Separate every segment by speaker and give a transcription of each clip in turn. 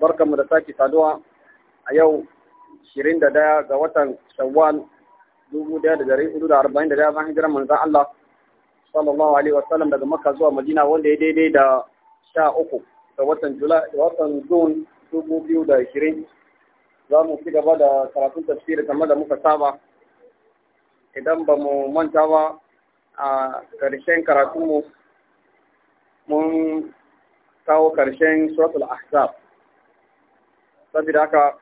Speaker 1: barkanmu da sake saduwa a yau 21 ga watan Shawwal 1441 bayan hijirar manzon Allah sallallahu alaihi wasallam daga Makka zuwa Madina wanda ya daidai da 13 ga watan Julai da watan June 2020 za mu ci gaba da karatun tafsiri kamar da muka saba idan ba mu manta ba a karshen karatunmu mun kawo karshen suratul ahzab saboda haka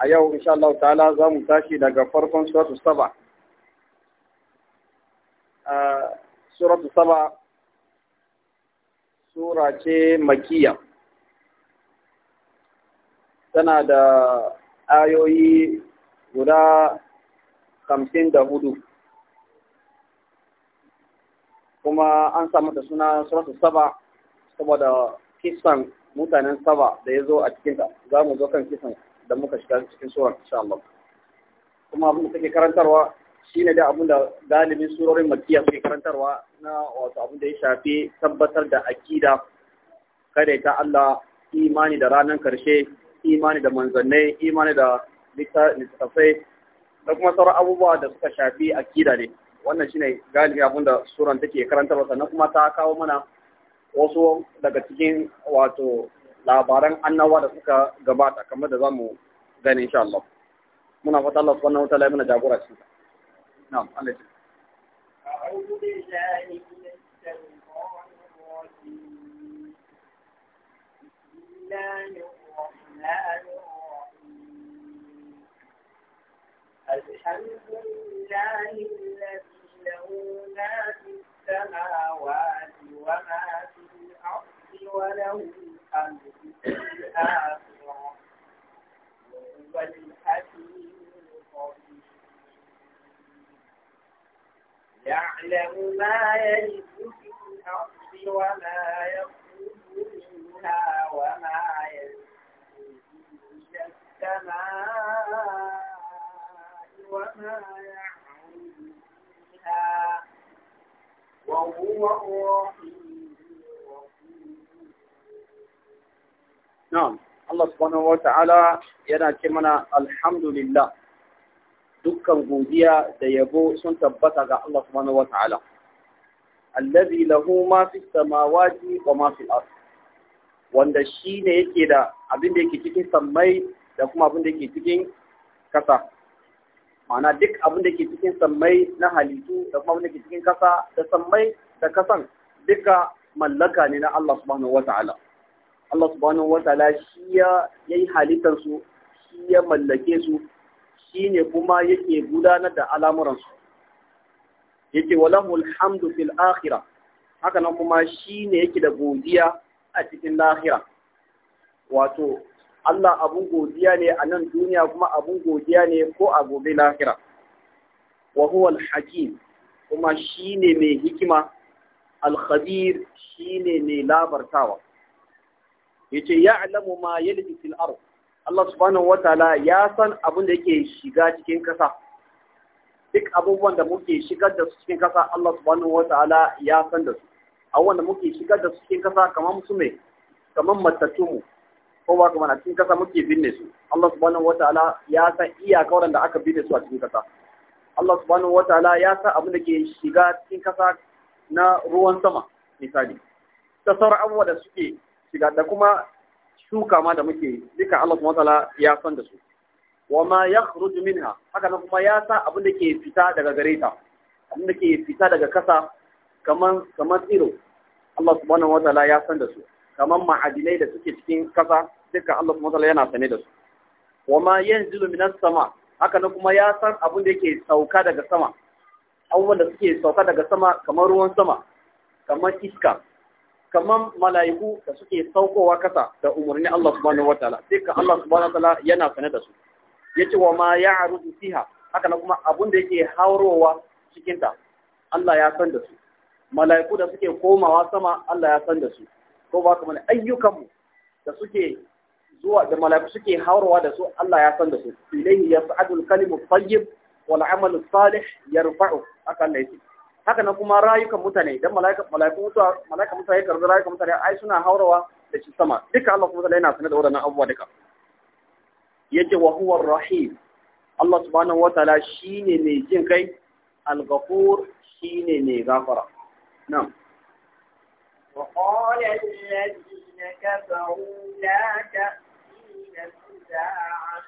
Speaker 1: a yau insha Allah ta'ala za mu tashi daga farkon suratu saba suratu saba sura ce makiya tana da ayoyi guda hamsin da hudu kuma an samu da suna suratu saba saboda kisan mutanen saba da ya zo a cikinta za mu zo kan kisan da muka shiga cikin tsoron insha Allah kuma abin da take karantarwa shine da abin da galibin surorin makiya suke karantarwa na wato abin da ya shafi tabbatar da akida kada ta Allah imani da ranar karshe imani da manzannai imani da littattafai da kuma sauran abubuwa da suka shafi akida ne wannan shine galibi abin da suran take karantarwa sannan kuma ta kawo mana wasu daga cikin wato labaran annawa da suka gabata kamar da za mu gani insha Allah muna fata Allah subhanahu wa ta'ala ya mana jagora cikin na'am Allah ya
Speaker 2: الحمد لله الذي له ما في السماوات وما وله الحمد في الآخرة وهو الحكيم الخبير يعلم ما يلد في الأرض وما يخرج منها وما يسجد إلى السماء وما يعود
Speaker 1: فيها وهو الرحيم Na'am, Allah subhanahu ta'ala yana ce mana alhamdulillah dukkan godiya da yabo sun tabbata ga Allah subhanahu ta'ala. Allazi lahu ma fi samawati wa ma fi ard. Wanda shi ne yake da abin da yake cikin sammai da kuma abin da yake cikin kasa. Ma'ana duk abin da yake cikin sammai na halittu da kuma abin da yake cikin kasa da sammai da kasan duka mallaka ne na Allah subhanahu wa ta'ala. Allah subhanahu wataala shi ya yi halittar su shi ya mallake su shi ne kuma yake gudanar da al'amuransu yake walahul hamdu fil akhirah haka nan kuma shi ne yake da godiya a cikin lahira wato Allah abun godiya ne a nan duniya kuma abun godiya ne ko a gobe lahira wa huwa al-hakim kuma shi ne mai hikima al-khabir shi ne mai labartawa yace ya ya'lamu ma yalbi fil ard Allah subhanahu wataala ya san abin da yake shiga cikin kasa duk abubuwan da muke shigar da su cikin kasa Allah subhanahu wataala ya san da su abubuwan da muke shigar da su cikin kasa kamar su ne kamar matattu mu ko ba kamar a cikin kasa muke binne su Allah subhanahu wataala ya san iyaka waɗanda aka binne su a cikin kasa Allah subhanahu wataala ya san abin da ke shiga cikin kasa na ruwan sama misali sauran abubuwa da suke shiga da kuma shuka ma da muke duka Allah subhanahu wataala ya san da su wa ma yakhruju minha haka nan kuma ya sa abin da ke fita daga gare ta abin da ke fita daga kasa kaman kamar tsiro Allah subhanahu wataala ya san da su kaman ma'adinai da suke cikin kasa duka Allah subhanahu wataala yana sane da su wa ma yanzilu minas sama haka nan kuma ya san abin da ke sauka daga sama abubuwan da suke sauka daga sama kamar ruwan sama kamar iska kamar mala'iku da suke saukowa kasa da umarni Allah subhanahu wataala sai ka Allah subhanahu wataala yana sane da su yace wa ma ya'rudu fiha haka kuma abun da yake haurowa cikin ta Allah ya san da su mala'iku da suke komawa sama Allah ya san da su ko ba kuma ayyukan mu da suke zuwa da mala'iku suke haurowa da su Allah ya san da su ilayhi yas'adul kalimu tayyib wal amalu salih yarfa'u haka Allah yake haka nan kuma rayukan mutane don mala'ikan mutuwa mala'ikan mutane karbi rayukan mutane ai suna haurawa da shi sama duka Allah kuma yana sanar da waɗannan abubuwa duka yace wa huwa rahim Allah subhanahu wataala shine mai jin kai al-ghafur shine mai gafara na'am
Speaker 2: وقال الذين كفروا لا تأتين الساعة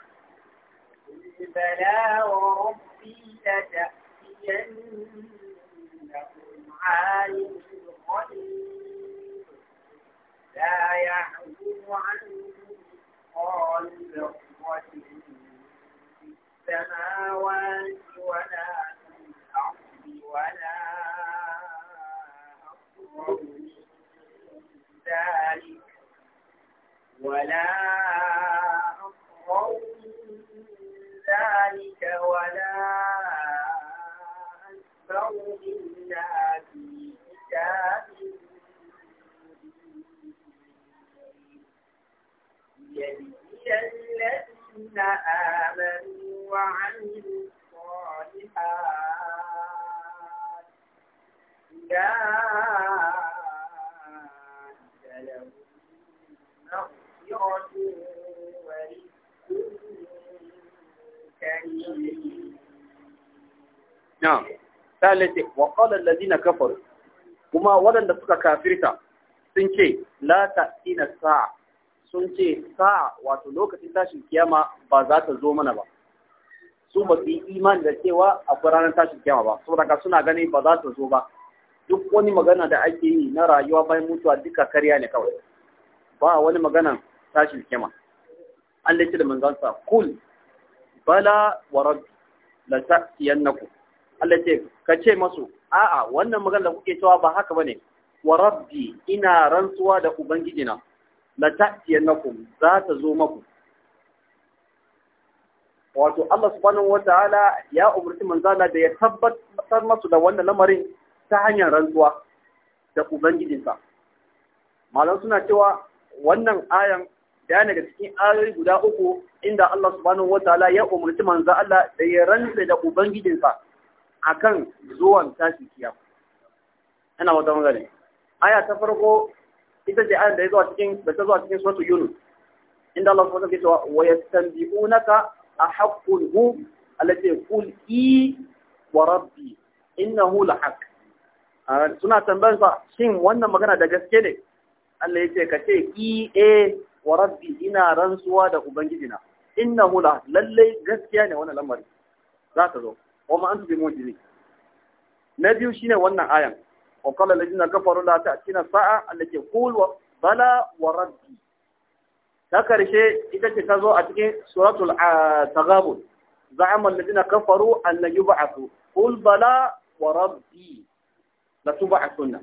Speaker 2: قل بلى وربي لتأتين إنه عالم الغيب لا يعزو عنه مثقال ذرة في السماوات ولا في الأرض ولا أصغر من ذلك ولا أصغر من ذلك ولا أكبر من إلا في كتاب ليجزي الذين آمنوا وعملوا الصالحات
Speaker 1: أولئك
Speaker 2: لهم مغفرة ورزق كريم
Speaker 1: نعم ta lace wa qalan ladina kafar kuma waɗanda suka kafirta sun ce lata ina sa'a sun ce sa'a wato lokacin tashin kiyama ba za ta zo mana ba su ba su yi imani da cewa akwai ranar tashin kiyama ba saboda ka suna ganin ba za ta zo ba duk wani magana da ake yi na rayuwa bayan mutuwa duka karya ne kawai ba wani magana tashin kiyama an da manzansa kul bala wa rabbi la ta'tiyannakum Allah ce ka ce masu a'a wannan magana da kuke cewa ba haka bane wa rabbi ina rantsuwa da ubangijina la ta'tiyannakum za ta zo maku wato Allah subhanahu ta'ala ya umarci manzala da ya tabbatar masu da wannan lamarin ta hanyar rantsuwa da ubangijinsa malam suna cewa wannan ayan daya daga cikin ayoyi guda uku inda Allah subhanahu ta'ala ya umarci manzo Allah da ya rantsa da ubangijinsa akan zuwan tashi kiyama ina wata magana aya ta farko ita ce ayan da ya zuwa cikin da ta zuwa cikin suratul yunus inda Allah subhanahu wa ta'ala ya cewa wa yastanbi'unaka ahaqqun hu allati qul i wa rabbi innahu lahaq suna tambayar sa shin wannan magana da gaske ne Allah ce ka ce i a e, wa rabbi ina rantsuwa da ubangijina innahu la lalle gaskiya ne wannan lamari za ta zo وما أنت بموجزين نبي شينا وانا آية وقال الذين كفروا لا تأتينا ساعة التي قول بلى وربي شيء إذا تتزوى أتكي سورة التغابل زعم الذين كفروا أن يبعثوا قل بلى وربي لتبعثن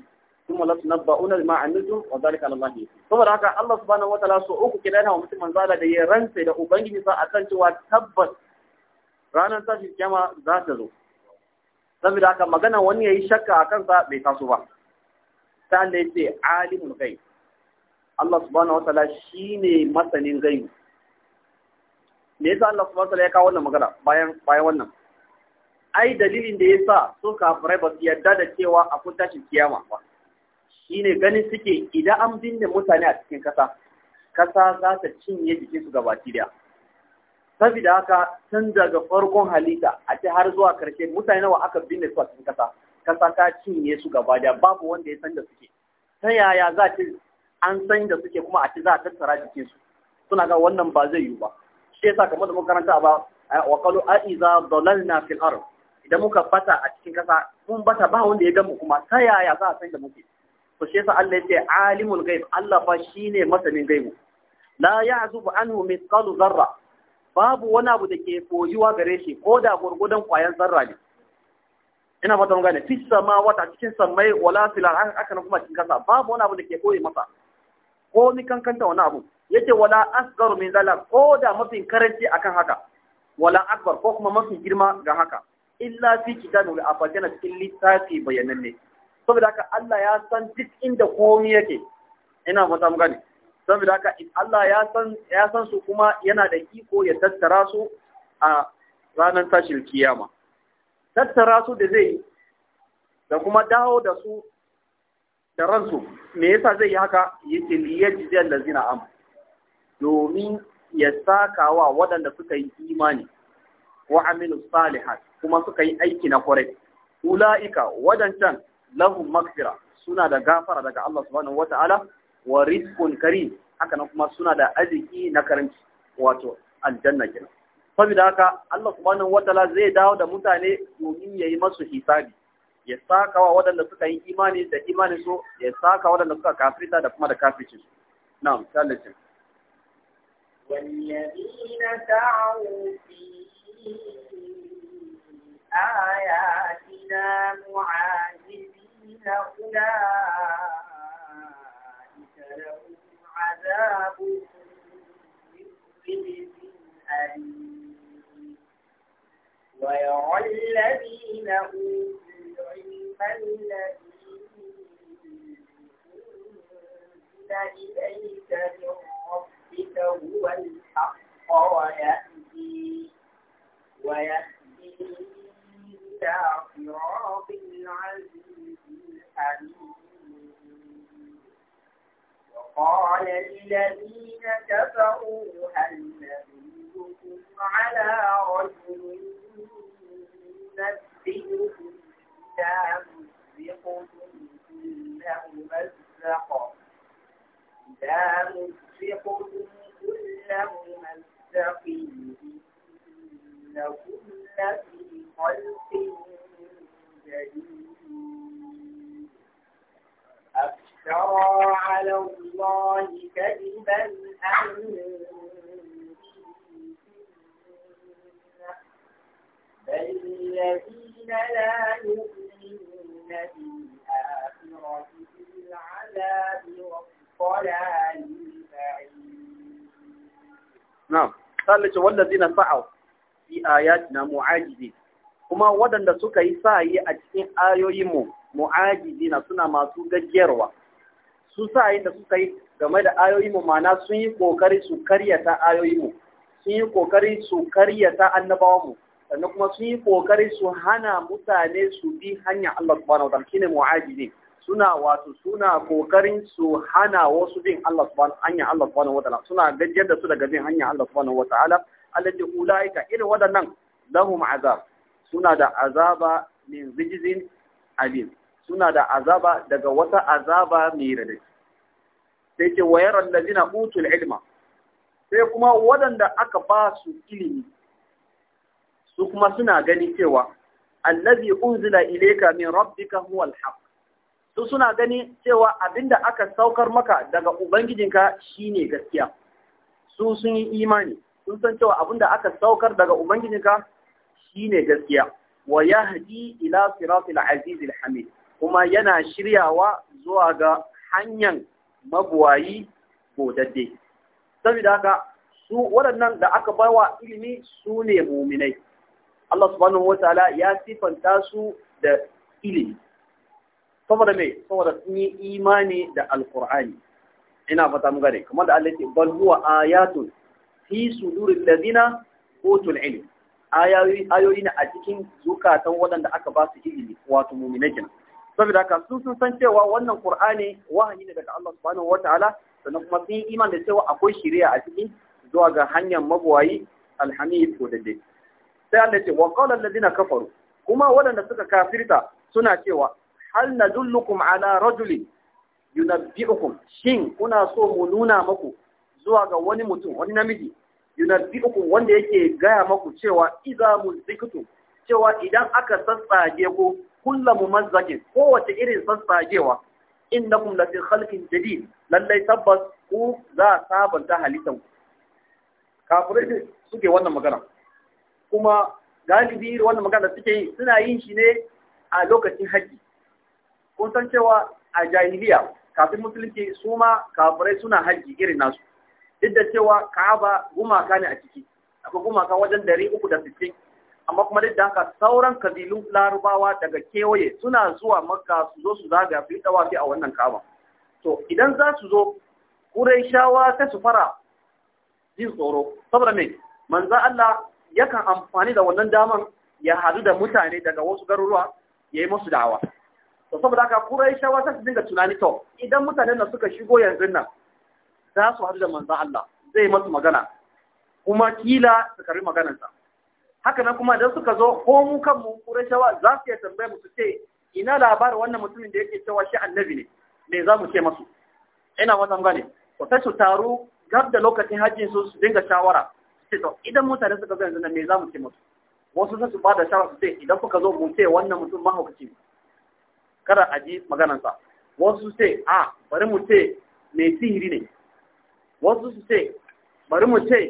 Speaker 1: ثم لا لتنبؤون بما عملتم وذلك على الله ثم راك الله سبحانه وتعالى so uku ومثل من mutum manzala رنسي ya rantsa da ubangiji sa ranar tashin kyama za ta zo saboda haka magana wani ya yi shakka a kansa bai taso ba ta da yace alimul gai Allah subhanahu wataala shine masanin gai me yasa Allah subhanahu wataala ya kawo wannan magana bayan bayan wannan ai dalilin da yasa su kafirai ba su yarda da cewa akwai tashin kiyama ba shine ganin suke idan an binne mutane a cikin kasa kasa za ta cinye jikinsu gabaki daya saboda haka tun daga farkon halitta a ce har zuwa karshe mutane nawa aka binne su a cikin kasa kasa ta cinye su gaba da babu wanda ya san da suke ta yaya za ce an san da suke kuma a ce za a tattara jikin su suna ga wannan ba zai yiwu ba shi yasa kamar da makaranta ba eh, wa qalu a iza dalalna fil ard idan muka bata a cikin kasa mun bata ba wanda ya gamu kuma ta yaya za a san da muke to shi yasa Allah ya ce alimul ghaib Allah fa shine masanin gaibu la ya'zubu anhu mithqalu dharra babu wani abu da ke koyuwa gare shi ko da gurgudan kwayan zarra ne ina fata mun gane fis sama wata cikin samai wala fil aka na kuma cikin kasa babu wani abu da ke koyi masa ko ni kankanta wani abu yake wala asgaru min zala ko da mafi karanci akan haka wala akbar ko kuma mafi girma ga haka illa fi kitabul afatana cikin littafi bayananne saboda haka Allah ya san duk inda komai yake ina fata mun gane saboda haka Allah ya san ya san su kuma yana da iko ya tattara su a ranar tashin kiyama tattara su da zai da kuma dawo da su da ransu me yasa zai yi haka yace liyajziyal lazina am domin ya sakawa waɗanda suka yi imani wa amilu salihat kuma suka yi aiki na kwarai ula'ika wadancan lahum magfira suna da gafara daga Allah subhanahu wata'ala wa rizqun karim haka nan kuma suna da arziki na karanci wato aljanna kenan saboda haka Allah subhanahu wataala zai dawo da mutane domin yayi masu hisabi ya saka wa waɗanda suka yi imani da imani so ya saka waɗanda suka kafirta da kuma da kafirci su na'am sallacin
Speaker 2: والذين سعوا في
Speaker 1: آياتنا معاذبين
Speaker 2: أولئك لهم
Speaker 1: عذاب
Speaker 2: من ويرى الذين أوتوا العلم الذي أنزل إليك من ربك هو الحق ويهدي ويهدي إلى صراط العزيز قال الذين كفروا هل نبيكم على رجل ينبئكم إذا مزقتم كل ممزق إذا مزقتم كل ممزق إنكم لفي خلق جديد افترى على الله كذبا da بل الذين لا يؤمنون بالآخرة في العذاب والضلال
Speaker 1: fi kuma waɗanda suka yi sa'ayi a cikin ayoyinmu mu'ajizina suna masu gajiyarwa su yin da suka yi game da ayoyi mu mana sun yi kokari su karyata ayoyi mu sun yi kokari su karyata annabawa mu sannan kuma sun yi kokari su hana mutane su bi hanya Allah subhanahu wa ta'ala shine mu'ajili suna wato suna kokarin su hana wasu bin Allah subhanahu hanya Allah subhanahu wa ta'ala suna gajiyar da su daga bin hanya Allah subhanahu wa ta'ala allati ulaika irin wadannan lahum azab suna da azaba min rijzin alim suna da azaba daga wata azaba mai radadi sai ce wa allazina utul ilma sai kuma waɗanda aka ba su ilimi su kuma suna gani cewa allazi unzila ilayka min rabbika huwa alhaq su suna gani cewa abinda aka saukar maka daga ubangijinka shine gaskiya su sun yi imani sun san cewa abinda aka saukar daga ubangijinka shine gaskiya wa yahdi ila siratil azizil hamid kuma yana shiryawa zuwa ga hanyar mabuwayi godadde saboda haka su waɗannan da aka bawa ilimi su ne muminai Allah subhanahu wa ta'ala ya sifanta su da ilimi saboda me saboda sun yi imani da alqur'ani ina fata mu gane kamar da Allah ya bal huwa ayatun fi sudurin ladina utul ilm ayoyi ayoyi ne a cikin zukatan waɗanda aka ba su ilimi wato muminai kenan saboda haka su sun san cewa wannan Qur'ani wahayi ne daga Allah subhanahu wataala sannan kuma sun yi iman da cewa akwai shari'a a ciki zuwa ga hanyar mabuwayi alhamid ko dade sai Allah ce wa qala alladhina kafaru kuma wadanda suka kafirta suna cewa hal nadullukum ala rajulin yunabbi'ukum shin kuna so mu nuna maku zuwa ga wani mutum wani namiji yunabbi'ukum wanda yake gaya maku cewa idza muziktum cewa idan aka sassage ku kullu mumazzakin kowace irin sassagewa innakum la fi khalqin jadid lallai tabbas ku za sabanta halittan ku kafirai suke wannan magana kuma galibi wannan magana suke yi suna yin shi ne a lokacin haji kun san cewa a jahiliya kafin musulunci su ma kafirai suna haji irin nasu duk da cewa ka'aba gumaka ne a ciki akwai gumaka wajen dari uku da sittin amma kuma duk da haka sauran kabilun larubawa daga kewaye suna zuwa makka su zo su zaga su yi a wannan kama. to idan za su zo shawa ta su fara jin tsoro saboda me manzo Allah yakan amfani da wannan daman ya hadu da mutane daga wasu garuruwa ya yi musu da'awa to saboda haka shawa ta su dinga tunani to idan mutanen nan suka shigo yanzu nan za su hadu da manzo Allah zai masu magana kuma kila su karbi maganarsa haka nan kuma idan suka zo ko mu kanmu kura rashawa za su iya tambaye mu su ce ina labarin wannan mutumin da yake cewa shi annabi ne me za mu ce masu ina wannan gane ko sai su taru gab da lokacin hajji su su dinga shawara ce to idan mutane suka zo yanzu nan me za mu ce masu wasu sai su bada shawara su ce idan kuka zo mu ce wannan mutum mahaukaci ne kada a ji maganansa wasu su ce a bari mu ce mai sihiri ne wasu su ce bari mu ce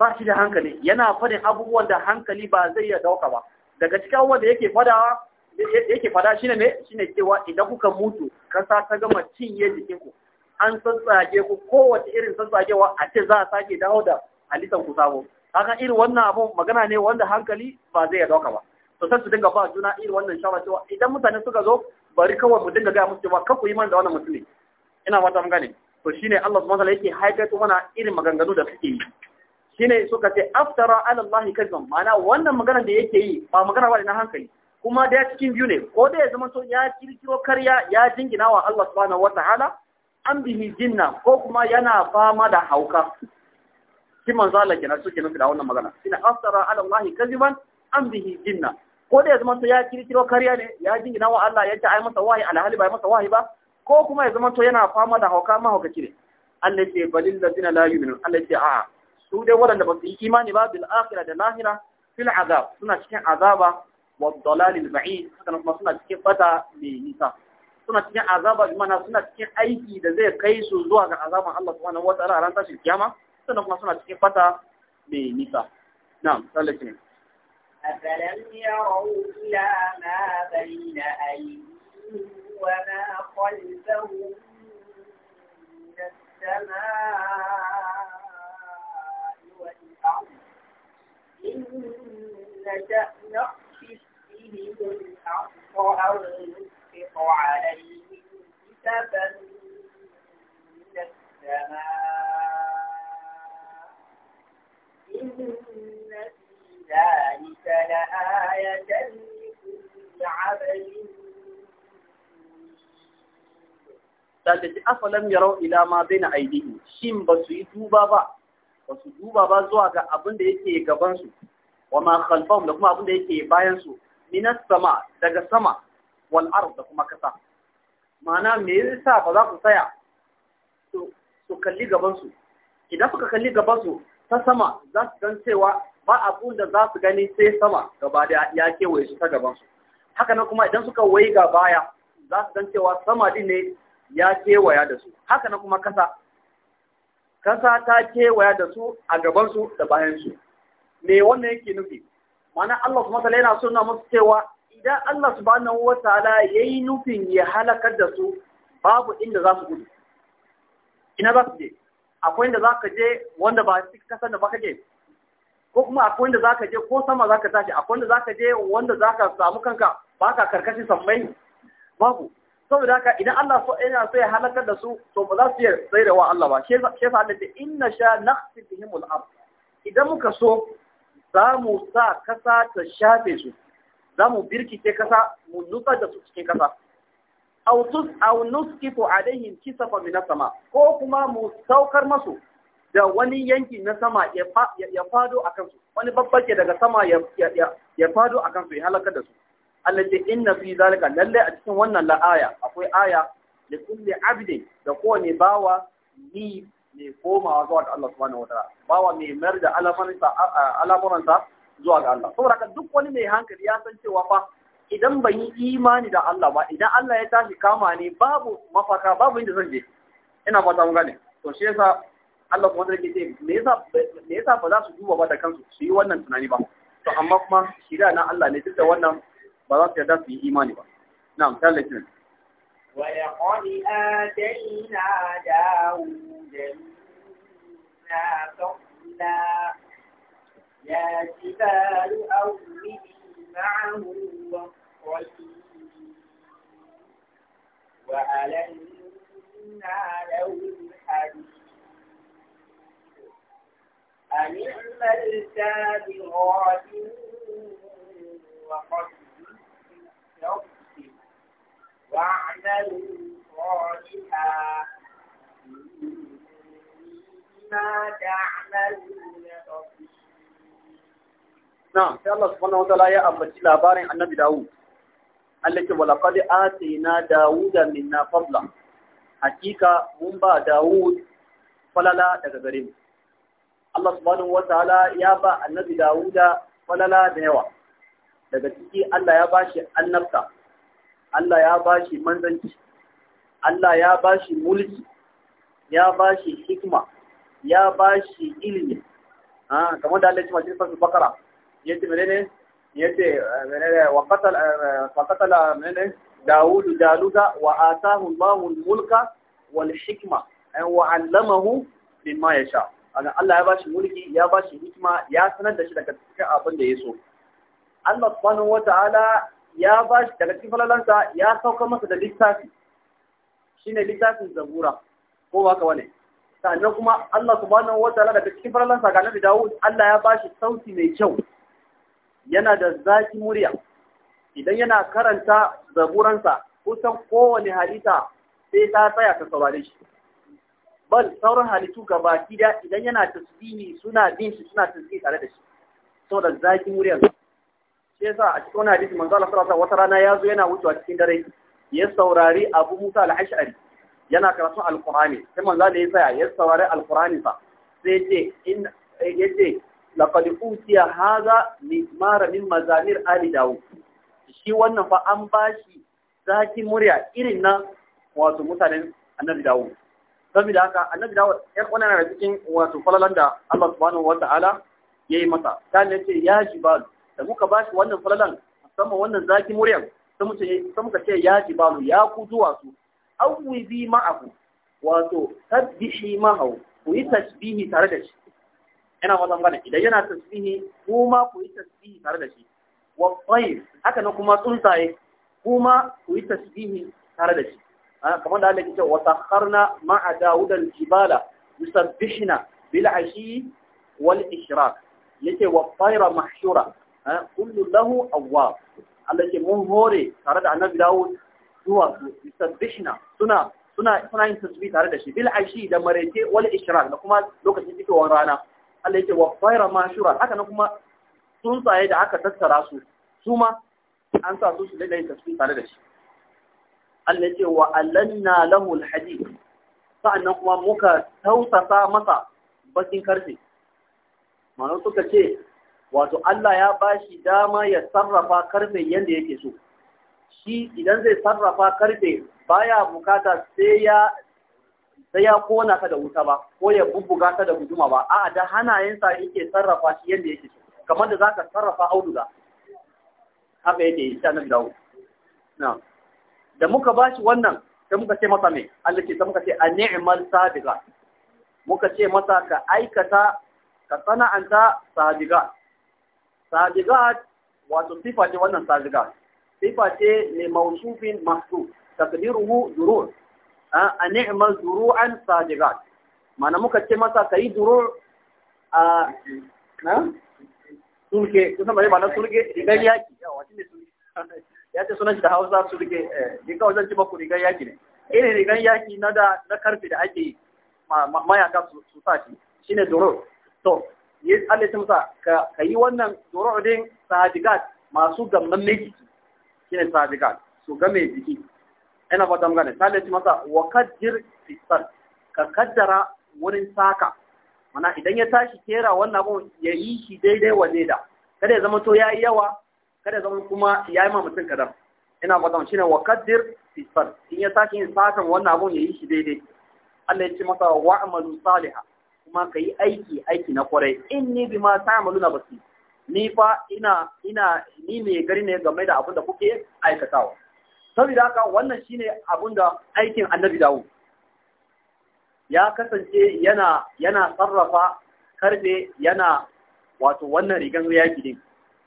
Speaker 1: ba shi da hankali yana fadin abubuwan da hankali ba zai iya dauka ba daga cikin abubuwan da yake fada yake fada shine ne shine cewa idan kuka mutu kasa ta gama cinye jikinku an tsatsage ku kowace irin tsatsagewa a ce za a sake dawo da halittar ku sabo kaga irin wannan abu magana ne wanda hankali ba zai dauka ba to sai su dinga ba juna irin wannan shawara cewa idan mutane suka zo bari kawai mu dinga ga musu cewa kar ku yi man da wannan musulmi ina fata mun gane to shine Allah subhanahu wa ta'ala yake haikato mana irin maganganu da suke yi shine suka ce aftara ala Allah kazban ma'ana wannan magana da yake yi ba magana ba na hankali kuma da cikin biyu ne ko da ya zama to ya kirkiro karya ya jingina wa Allah subhanahu wataala an bihi jinna ko kuma yana fama da hauka shi manzo Allah kenan suke nufi da wannan magana shine aftara ala Allah kazban an bihi jinna ko da ya zama to ya kirkiro karya ne ya jingina wa Allah ya ce ai masa wahi alhali ba masa wahi ba ko kuma ya zama to yana fama da hauka ma hauka ne Allah ce balil ladina la yu'minun Allah ce a'a su dai waɗanda ba su yi imani ba bil akhirah da lahira fil azab suna cikin azaba wa dalalil ba'id haka kuma suna cikin bata mai nisa suna cikin azaba bi mana suna cikin aiki da zai kai su zuwa ga azaban Allah subhanahu wa ta'ala a ran tashin kiyama sannan kuma suna cikin bata mai nisa na'am sallaki ne أفلم
Speaker 2: يروا إلى ما بين أيديهم وما خلفهم من السماء إن نشأ نخسف بهم الأرض أو نسقط عليهم كتبا من السماء إن في ذلك لآية لكل عبد
Speaker 1: Sallati afalam yarau ila ma bayna aydihim shin basu yi duba ba ba duba ba zuwa ga abin da yake gabansu wa ma khalfahum da kuma abin da yake bayansu minas sama daga sama wal ard da kuma kasa ma'ana me yasa ba za ku tsaya su kalli gabansu idan suka kalli gabansu ta sama za su gan cewa ba abun da za su gani sai sama gaba da ya kewaye su ta gabansu haka nan kuma idan suka wai ga baya za su gan cewa sama din ne ya kewaya da su haka nan kuma kasa kasa ta kewaya da su a gabansu da bayansu me wannan yake nufi mana Allah kuma tala yana suna musu cewa idan Allah subhanahu wa ta'ala yayi nufin ya halakar da su babu inda za su gudu ina za su je akwai inda za ka je wanda ba shi kasar da ba je, ko kuma akwai inda za ka je ko sama za ka tashi akwai inda za ka je wanda za ka samu kanka ba ka karkashin sammai babu saboda haka idan Allah so yana so ya halakar da su to ba za su iya da wa Allah ba Ke fa Allah ce inna sha naqsi bihim al idan muka so za mu sa kasa ta shafe su za mu birkice kasa mu nutsar da su cikin kasa aw tus aw nusqitu alaihim kisafa min sama ko kuma mu saukar masu da wani yanki na sama ya fado akan su wani babbace daga sama ya fado akan su ya halakar da su Allah ce inna fi zalika lalle a cikin wannan la'aya akwai aya da kulli abdin da kowane bawa ni mai komawa zuwa ga Allah subhanahu wataala bawa mai mayar da al'amuransa zuwa ga Allah saboda duk wani mai hankali ya san cewa fa idan ban yi imani da Allah ba idan Allah ya tashi kama ne babu mafaka babu inda zan je ina fata mun gane to shi yasa Allah kuma zai ce me yasa me yasa ba za su duba ba da kansu su yi wannan tunani ba to amma kuma shirya na Allah ne duk da wannan ba za في yarda su yi imani ba
Speaker 2: ولقد آتينا داود منا فضلا يا جبال أومي معه وألنا له الحديث أن اعمل سابغات وقد ربكم واعملوا صالحا ما تعملون
Speaker 1: نعم شاء الله سبحانه وتعالى يا أبا جل عبارة عن النبي داود التي ولقد آتينا داود منا فضلا حقيقة منبا داود فللا تغبرين الله سبحانه وتعالى يا أبا النبي داود فللا دهوا daga ciki Allah ya bashi annabta Allah ya bashi manzanci Allah ya bashi mulki ya bashi hikma ya bashi ilimi ah kamar da Allah ya ce cikin sura Bakara yace menene yace eh, menene wa qatala eh, wa qatala menene Dawudu Jaluta wa atahu Allahu mulka wal hikma wa 'allamahu mimma yasha Allah ya bashi mulki ya bashi hikma ya sanar da shi daga cikin abin da ya so Allah subhanahu wata'ala ya ba shi daga cikin falalansa ya sauka masa da littafi shine littafin zabura ko ba ka wane sannan kuma Allah subhanahu wata'ala daga cikin falalansa ga Nabi Dawud Allah ya ba shi sauti mai kyau yana da zaki murya idan yana karanta zaburansa kusan kowane halitta sai ta tsaya ta saurare shi bal sauran halittu gaba da idan yana tasbihi suna bin shi suna tasbihi tare da shi saboda zaki muryarsa Sai yasa a cikin wani hadisi manzo Allah sallallahu alaihi wata rana ya zo yana wucewa cikin dare ya saurari Abu Musa al-Ash'ari yana karatun Al-Qur'ani sai manzo Allah ya tsaya ya saurari Al-Qur'ani sa sai yace in yace laqad utiya hadha mimara min mazamir ali daud shi wannan fa an bashi zaki murya irin na wato mutanen annabi daud saboda haka annabi daud ya kwana na cikin wato falalan da Allah subhanahu wa ta'ala yayi masa ta ne ce ya jibalu da muka ba shi wannan falalan musamman wannan zaki muryan sai muka ce ya jibalu ya ku duwatsu awwi bi ma'ahu wato tabbihi ma'ahu ku yi tasbihi tare da shi ina fatan gane idan yana tasbihi kuma ku yi tasbihi tare da shi wa tsayi haka na kuma tsuntsaye kuma ku yi tasbihi tare da shi ah, kamar da Allah ke cewa sakharna ma'a Dawud jibala yusabbihuna bil ashi wal ishraq yake wa tayra mahshura Eh, kullu lahu awwab Allah ke mun hore tare da annabi Dawud zuwa su yusabbihna suna suna suna yin tasbih tare da shi bil ashi da mareke wal ishraq da kuma lokacin fitowar rana Allah yake wa fayra mashura haka nan kuma tsuntsaye da aka tattara su su ma an sa su su da yin tasbih tare da shi Allah ke wa allanna lahu al hadid sa'annan kuma muka tausasa masa bakin karfe ma'ana suka ce wato Allah ya bashi dama ya sarrafa karfe yadda yake so shi idan zai sarrafa karfe baya bukata sai ya sai ya kona ka da wuta ba ko ya bubuga ka da guduma ba a'a da hanayensa yake sarrafa shi yadda yake so kamar da za ka sarrafa auduga haka yake yi sanan dawo na da muka bashi wannan sai muka ce masa me Allah ce sai muka ce a ni'mal sadiga. muka ce masa ka aikata ka sana'anta sadiga. sadigat wato sifa ce wannan sadigat sifa ce ne mausufin masu takdiruhu durur ah, a ni'mal duru'an sadigat mana muka ce masa kai durur a na sulke kusan bare ba na sulke rigar yaki yawa ne sulke ya ce sunan shi da Hausa sulke eh, ni kawai zan ci maku rigar yaki ne irin rigar yaki na da na karfe da ake mayaka su sa shi shine durur to yi Allah ya masa ka yi wannan tsoro din sadiqat masu gamman miki shine sadiqat su game jiki ina fata gane sai ya masa wa qaddir fi ka kaddara wurin saka mana idan ya tashi kera wannan abun ya yi shi daidai wa da kada ya zama to yi yawa kada ya zama kuma yi ma mutum kadan ina fata shi shine wa qaddir fi in ya tashi yin sakan wannan abun ya yi shi daidai Allah ya ce masa wa'malu salihah kuma ka yi aiki aiki na kwarai in ni bi ma ta maluna basi ni fa ina ina ni mai gari ne game da abin da kuke aikatawa saboda haka wannan shine abin da aikin annabi dawo ya kasance yana yana sarrafa karfe yana wato wannan rigan ya gidin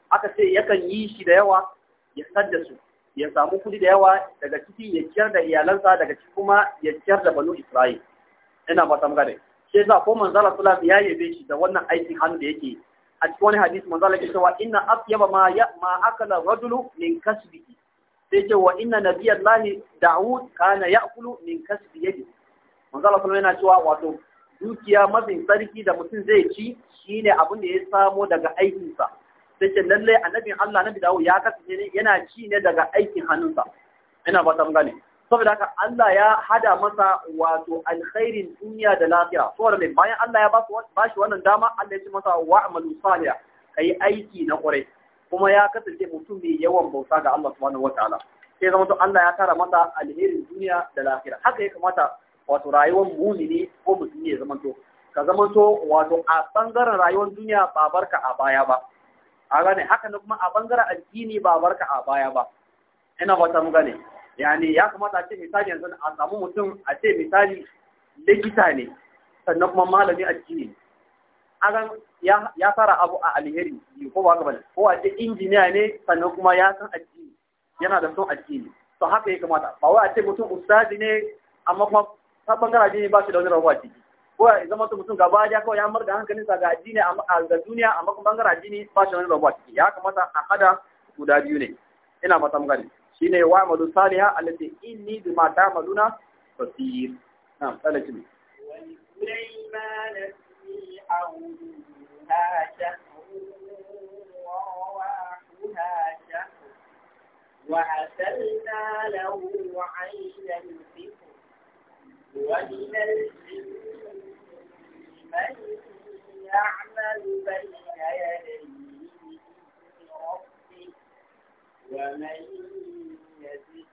Speaker 1: aka ce yakan yi shi da yawa ya sadda su ya samu kudi da yawa daga ciki ya ciyar da iyalansa daga ciki kuma ya ciyar da banu isra'il ina ba ta sai za ko manzala sallallahu ya yabe shi da wannan aikin hannu da yake a cikin wani hadisi manzala ke cewa inna asyaba ma ya ma akala rajulu min kasbihi sai ce wa inna nabiyallahi daud kana ya'kulu min kasbi yadi manzala sallallahu yana cewa wato dukiya mafi sarki da mutum zai ci shine abin da ya samo daga aikinsa sai ce lallai annabin Allah nabi daud ya kasance yana ci ne daga aikin hannunsa ina ba ta gane saboda haka Allah ya hada masa wato alkhairin duniya da lafiya saboda mai bayan Allah ya ba shi wannan dama Allah ya ce masa wa amalu salih kai aiki na ƙwarai. kuma ya kasance mutum mai yawan bauta ga Allah subhanahu wataala sai zama to Allah ya tara masa alherin duniya da lafiya haka ya kamata wato rayuwar mumini ko musulmi ya zama to ka zama to wato a bangaren rayuwar duniya ba barka a baya ba a gane haka ne kuma a bangaren addini ba barka a baya ba ina ba ta mu gane yani ya kamata a ce misali yanzu a samu mutum a ce misali likita ne sannan kuma malami addini agan ya fara abu a alheri ko ba ka ko a ce injiniya ne sannan kuma ya san addini yana da son addini to haka ya kamata ba wai a ce mutum ustazi ne amma kuma ta bangaren jini ba shi da wani rawa ciki ko ya zama mutum gaba ya kawai ya marga hankalinsa ga a ga duniya amma kuma bangaren jini ba shi da wani rawa ciki ya kamata a hada guda biyu ne ina fata mu gani ان وعمل صالحة التي إني بما تعملنا فصير نعم قال جميل
Speaker 2: وإن سليمان وعسلنا له عين ومن الجن من يعمل بين يديه ومن يزد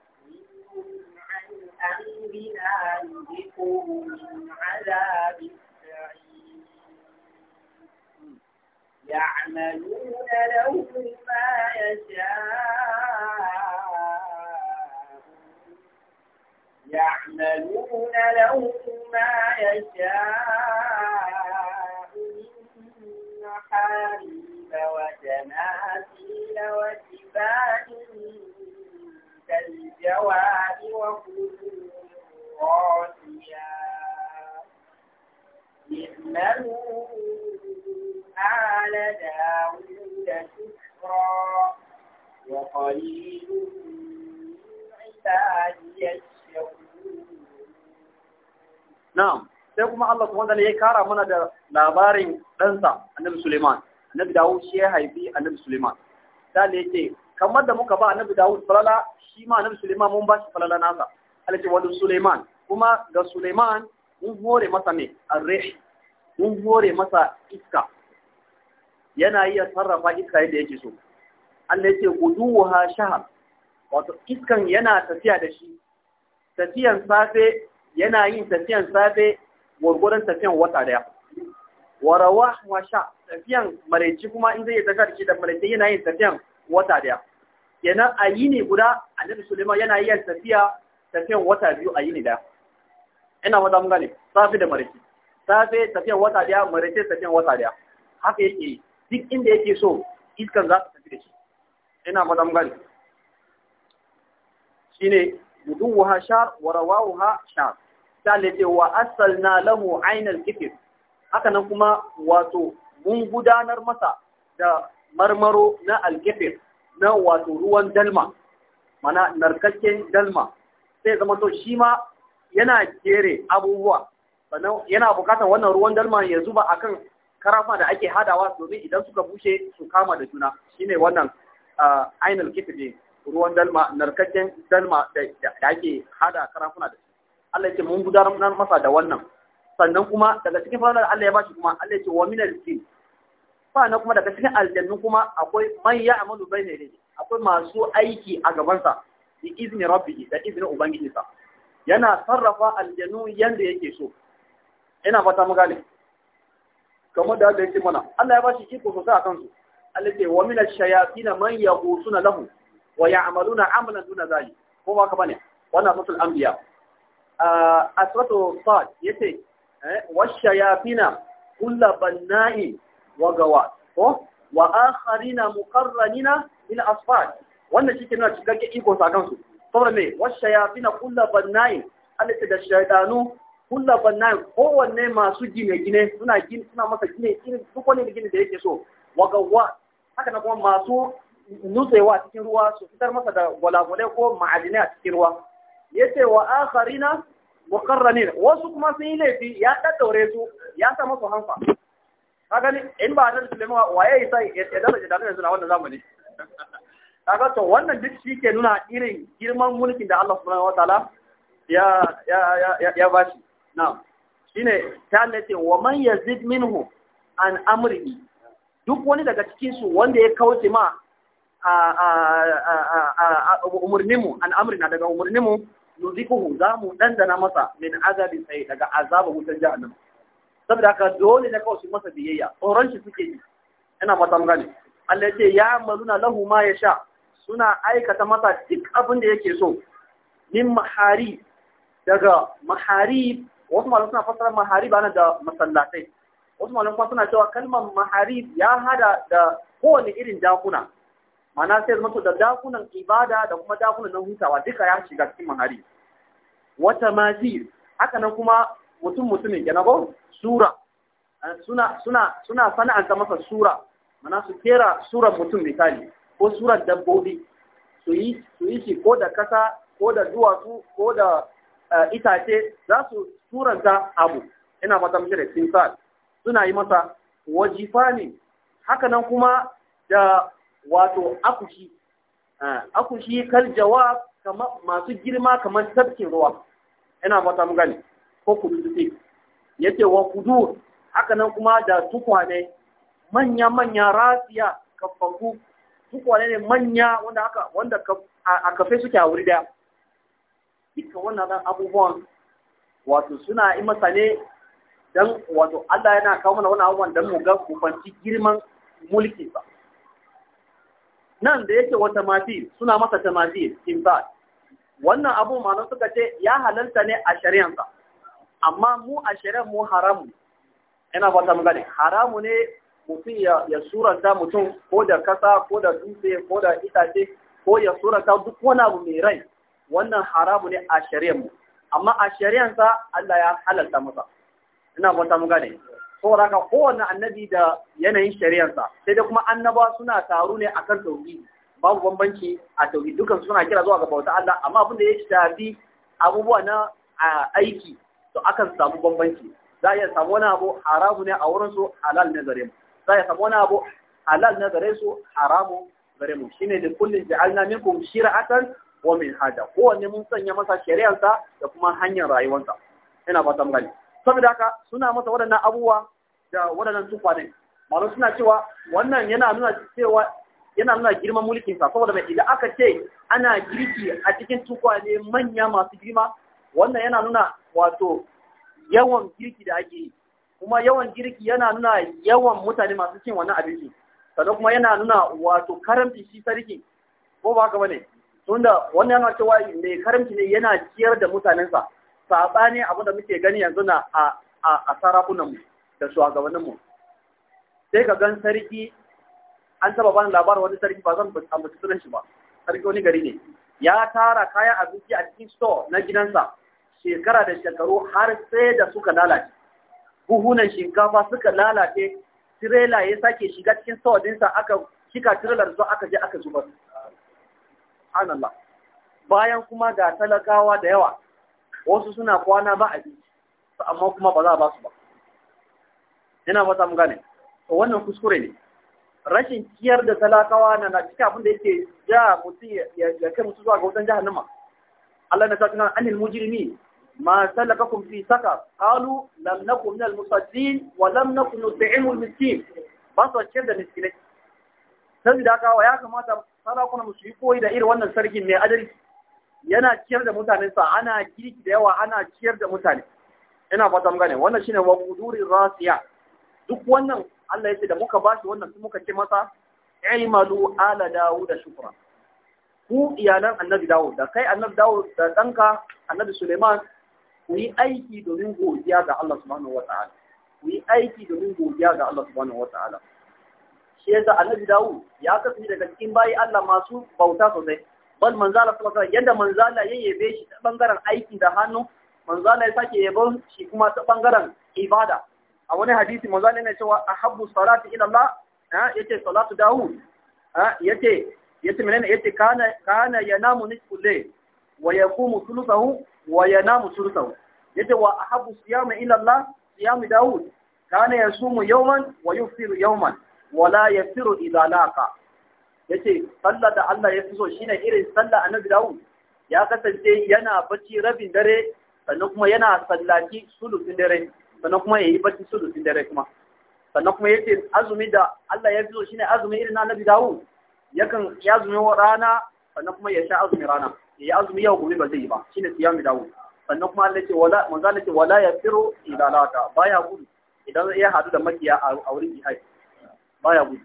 Speaker 2: عن أمرنا نذقه من عذاب السعير يعملون له ما يشاء يعملون له ما يشاء من محاريب وتماثيل وتماثيل سائل sai
Speaker 1: kuma Allah kuma wataala ya kara mana da labarin ɗansa Annabi Suleiman Annabi Dawo shi ya haifi Annabi Suleiman sale yake kamar da muka ba annabi Dawud falala shi ma annabi Suleiman mun ba shi falala nasa alace wani Suleiman kuma ga Suleiman mun hore masa ne arrih mun hore masa iska yana iya sarrafa iska yadda yake so Allah yake guduwa shahar wato iskan yana tafiya da shi tafiyan safe yana yin tafiyan safe gwargwadon tafiyan wata daya warawa washa sha tafiyan maraici kuma in zai tafiya da shi da maraici yana yin tafiyan wata daya kenan a yi ne guda annabi suleiman yana yin tafiya tafiyan wata biyu a yi ne daya ina wata mun gane safi da maraici safe tafiyan wata daya maraici tafiyan wata daya haka yake duk inda yake so iskan za ta tafi da shi ina wata mun gane shine wuduha shar wa rawaha shar sai ce wa asalna lahu ainal kifir haka nan kuma wato mun gudanar masa da marmaro na algefir na wato ruwan dalma mana narkakken dalma sai zama to shi ma yana jere abubuwa sannan yana bukatar wannan ruwan dalma ya zuba a kan karafa da ake hadawa domin idan suka bushe su kama da juna shine wannan ainihin kitbe ruwan dalma narkakken dalma da ake hada karafuna da shi Allah ya ce mun gudanar masa da wannan sannan kuma daga cikin fadar Allah ya bashi kuma Allah ya ce wa minal jin sannan kuma daga cikin aljannu kuma akwai man ya amalu bayna ne akwai masu aiki a gaban sa bi izni rabbihi da izinin ubangiji sa yana sarrafa aljannu yanda yake so ina fata mu gane kamar da yake mana Allah ya bashi iko sosai akan su Allah ya ce wa minal shayatin man yaqusuna lahu wa ya'maluna amalan duna zalik ko ba ka bane wannan mutul anbiya a asratu sad yace Eh, washayafina kulla banna'in wa gawa ko wa akharina muqarranina bil asfar wannan shi ke nuna cikakken iko sakan su saboda me washayafina kulla banna'in alita da shaydanu kulla banna'in kowanne masu gine-gine suna gine suna masa gine irin duk wani gine da yake so wa gawa haka na kuma masu nutsewa cikin ruwa su fitar masa da gwalagwale ko ma'adinai a cikin ruwa ce wa akharina mukarrani wasu kuma sun yi laifi ya tattaure su ya sa masu hanfa ka gani in ba dan sulaiman waye sai ya daraja da nan suna wannan zamani kaga to wannan duk shi ke nuna irin girman mulkin da Allah subhanahu wataala ya ya ya ya bashi na'am shine ta nace wa man yazid minhu an amrihi duk wani daga cikin su wanda ya kauce ma a a a a umurnimu an amrina daga umurnimu nuzikuhu za mu dandana masa min azabi sai daga azaba wutar jahannama saboda haka dole ne kawai su masa biyayya tsoron shi suke yi ina mun gane Allah ya ce ya maluna lahu ma ya sha suna aikata masa duk abin da yake so min mahari daga mahari wasu malamai suna fassara mahari ba da masallatai wasu malamai kuma suna cewa kalmar mahari ya hada da kowane irin dakuna mana sai zama da dakunan ibada da kuma dakunan na hutawa duka ya shiga cikin mahari wata mazir haka nan kuma mutum mutumin na ba sura eh, suna suna suna sana'anta masa sura mana su kera surar mutum misali ko surar dabbobi su yi su yi shi ko da kasa ko da duwatsu ko da eh, itace za su suranta abu ina fata mace da tinsal suna yi masa wajifa ne haka nan kuma da wato akushi eh, akushi kal jawab masu girma kamar tafkin ruwa ina fata mun gani ko kududdufi yace wa kudur haka nan kuma da tukwane manya manya rasiya kafafu tukwane ne manya wanda aka wanda a kafe suke a wuri daya duka wannan abubuwan wato suna yi masa ne dan wato Allah yana kawo mana wannan abubuwan dan mu ga kufanci girman mulki ba nan da yake wata mafi suna masa in timbat wannan abu malam suka ce ya halalta ne a shari'ansa amma mu a shari'ar mu haramu ina fata mu gane haramu ne mutum ya suranta mutum ko da kasa ko da dutse ko da itace ko ya suranta duk wani abu mai rai wannan haramu ne a shari'ar mu amma a shari'ansa Allah ya halalta masa ina fata mu gane saboda ko kowanne annabi da yanayin shari'ansa, sai dai kuma annaba suna taru ne akan tauhidi babu bambanci a tauhid dukan suna kira zuwa ga bauta Allah amma abin da ya shafi abubuwa na aiki to akan samu bambanci za a iya samu wani abu haramu ne a wurin su halal ne gare mu za a iya samu wani abu halal na gare su haramu gare mu shine da da kullun a kan shir'atan wa ko kowanne mun sanya masa shari'arsa da kuma hanyar rayuwarsa ina fata mun gani saboda haka suna masa waɗannan abubuwa da waɗannan tufa ne suna cewa wannan yana nuna cewa yana nuna girman mulkin sa saboda mai idan aka ce ana girki a cikin tukwane manya masu girma wannan yana nuna wato yawan girki da ake yi kuma yawan girki yana nuna yawan mutane masu cin wannan abinci sannan kuma yana nuna wato karamci shi sarki ko ba haka bane tunda wannan yana cewa mai karamci ne yana ciyar da mutanensa saɓani abin da muke gani yanzu na a a sarakunanmu da shugabanninmu sai ka gan sarki an taba bani labarin wani sarki ba zan ambaci sunan shi ba sarki wani gari ne ya tara kayan abinci a cikin store na gidansa shekara da shekaru har sai da suka lalace buhunan shinkafa suka lalace tirela ya sake shiga cikin store dinsa aka shika tirelar zuwa aka je aka zubar subhanallah bayan kuma ga talakawa da yawa wasu suna kwana ba abinci amma kuma ba za a ba su ba ina ba ta mu gane wannan kuskure ne rashin ciyar da talakawa na cikin abin da yake ja mutum ya kai mutu zuwa ga wutan jahannama Allah na tafi nan anil mujrimi ma kun fi saka qalu lam nakum min al musallin wa lam nakum nut'imu al miskin ba su ciyar da miskinai sai da kawa ya kamata sarakuna musu yi koyi da irin wannan sarkin mai adalci yana ciyar da mutanensa, ana kirki da yawa ana ciyar da mutane ina fata gane wannan shine wa kuduri rasiya duk wannan Allah ya ce da muka ba shi wannan muka ce masa ilmalu ala Dawud shukura. ku iyalan annabi Dawud da kai annabi Dawud da danka annabi Suleiman ku yi aiki domin godiya ga Allah subhanahu wata'ala ku yi aiki domin godiya ga Allah subhanahu wata'ala shi yasa annabi Dawud ya kasance daga cikin bayi Allah masu bauta sosai bal manzala sallallahu alaihi yadda manzala ya yabe shi ta bangaren aiki da hannu manzala ya sake yabon shi kuma ta bangaren ibada a wani hadisi manzo Allah yana cewa ahabbu salati ila Allah yace salatu Dawud yace yace menene yace kana kana yanamu nisfu layl wa yaqumu thuluthahu wa ya yanamu thuluthahu yace wa ahabbu siyama ila Allah siyamu Dawud kana yasumu yawman wa yufiru yawman wa la yafiru idha laqa yace sallar da Allah ya fi so shine irin sallar annabi Dawud ya kasance yana bacci rabin dare sannan kuma yana sallaci sulusin dare sannan kuma ya yi barci dutsen dare kuma sannan kuma yace azumi da Allah ya fi shine azumi irin na Nabi Dawud yakan ya azumi rana sannan kuma ya sha azumi rana ya azumi yau gobe ba zai yi ba shine siyami Dawud sannan kuma Allah ce wala manzo Allah ce wala yafiru ila lata baya gudu idan ya hadu da makiya a wurin jihad baya gudu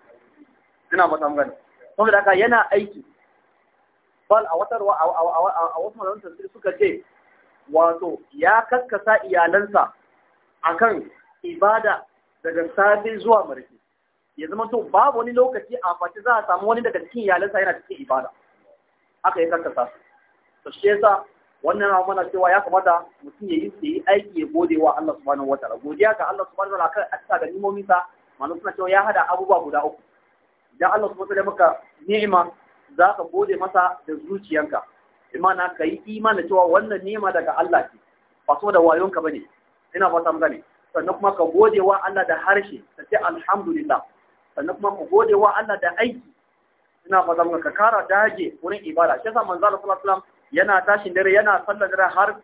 Speaker 1: ina ba ta gani saboda haka yana aiki bal a watar a wasu malaman tafsir suka ce wato ya kakkasa iyalansa akan ibada daga safe zuwa marke ya zama to babu wani lokaci a faci za a samu wani daga cikin iyalinsa yana cikin ibada aka yi karkasa to shi yasa wannan abu mana cewa ya kamata mutum ya yi yi aiki ya gode wa Allah subhanahu wataala godiya ga Allah subhanahu wataala kan cika ga nimomin sa malam suna cewa ya hada abubuwa guda uku idan Allah subhanahu wataala maka ni'ima za ka gode masa da zuciyanka imana ka yi imani cewa wannan ni'ima daga Allah ce ba so da wayonka bane ina fatan gani? sannan kuma ka gode wa Allah da harshe ka ce alhamdulillah sannan kuma ka gode wa Allah da aiki ina fatan mun ka kara dage wurin ibada shi yasa manzo Allah sallallahu alaihi wasallam yana tashin dare yana sallar dare har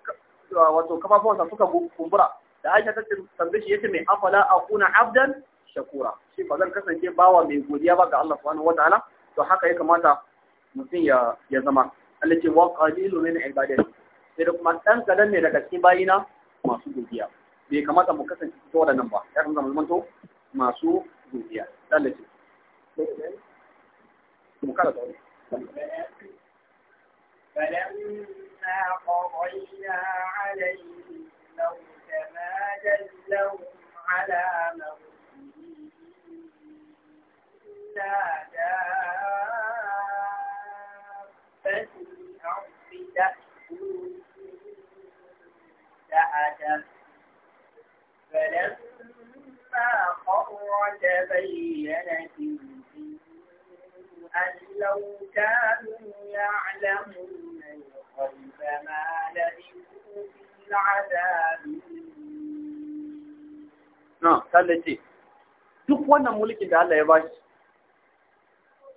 Speaker 1: wato kafafuwansa suka kumbura da Aisha ta tambaye shi yace me afala akuna abdan shakura shi ba zan kasance bawa mai godiya ba ga Allah subhanahu wataala to haka ya kamata mutum ya ya zama Allah ce wa qalilu min ibadati sai da kuma dan kadan ne daga cikin bayina masu godiya bai kamata mu kasance ta waɗannan ba ya kamata mu zamanto masu dubiya lalace mu kara
Speaker 2: فلما قضينا عليه الموت ما على موته فلما خر تبينت أن لو كانوا يعلمون الغيب ما لبثوا في العذاب
Speaker 1: نعم ce duk wannan mulkin da Allah ya ba shi,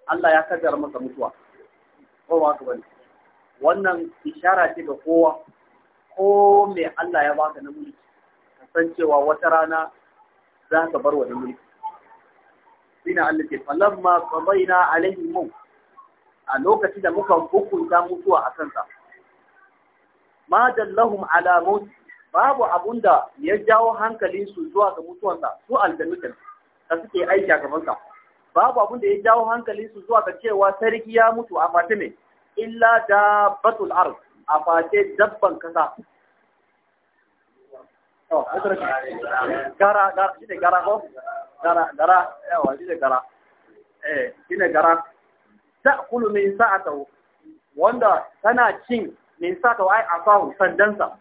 Speaker 1: Allah ya kaddara masa mutuwa, ko ba ka bane. Wannan ishara ce ga kowa, ko me Allah ya baka na mulki, san cewa wata rana za ka bar wani mulki sina Allah ce falamma qadaina alaihi mu a lokacin da muka hukunta mutuwa a kansa ma dallahum ala maut babu abun da ya jawo hankalin su zuwa ga mutuwansa su aljannu da suke aiki a gaban babu abun da ya jawo hankalin su zuwa ga cewa sarki ya mutu a fatime illa da batul arz a fate dabban kasa gara gara shi ne gara ko gara gara yawa shi ne gara eh shi ne gara ta'kulu min sa'atahu wanda tana cin min sa'atahu ai asahu sandansa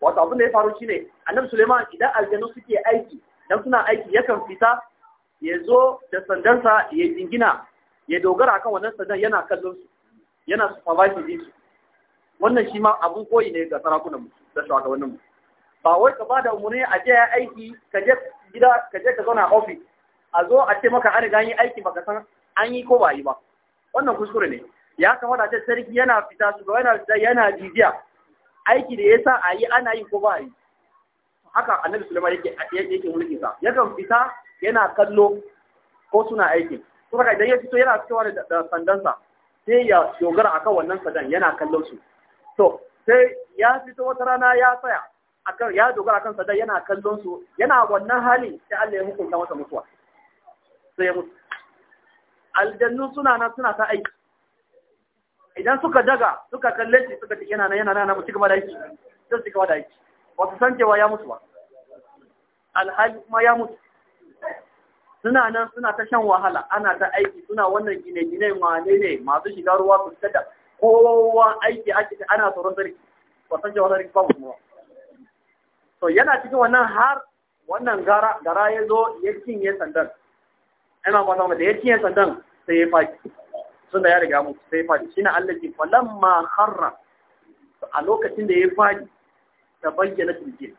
Speaker 1: wato abin da ya faru shine annabi Suleiman idan aljanu suke aiki dan suna aiki yakan fita ya zo da sandansa ya jingina ya dogara kan wannan sandan yana kallon su yana supervising din su wannan shi ma abun koyi ne ga sarakunan mu da shugabannin mu ba wai ka bada umarni a je aiki ka je gida ka je ka zauna ofis a zo a ce maka an riga yi aiki baka san an yi ko ba yi ba wannan kuskure ne ya kamata ce sarki yana fita su ga yana fita yana bibiya aiki da yasa a yi ana yi ko ba yi haka annabi sulaiman yake yake mulkin sa yakan fita yana kallo ko suna aiki ko haka idan ya fito yana fitowa da sandansa sai ya dogara akan wannan sandan yana kallon su to sai ya fito wata rana ya tsaya akan ya dogara kan sadar yana kallon su yana wannan hali sai Allah ya hukunta masa mutuwa sai ya mutu aljannu suna nan suna ta aiki idan suka daga suka kalle shi suka ce yana nan yana nan mu cigaba da aiki sai su cigaba da aiki ba su san cewa ya mutu ba alhali kuma ya mutu suna nan suna ta shan wahala ana ta aiki suna wannan gine-gine wane ne masu shiga ruwa su tada kowa aiki ake ana tsoron sarki ba san cewa sarki ba mutuwa to yana cikin wannan har wannan gara gara ya zo ya cinye sandan ina ba zama da ya cinye sandan sai ya faɗi sun da ya riga mu sai ya Shi shine Allah ke ma harra a lokacin da ya faɗi ta bayyana tilke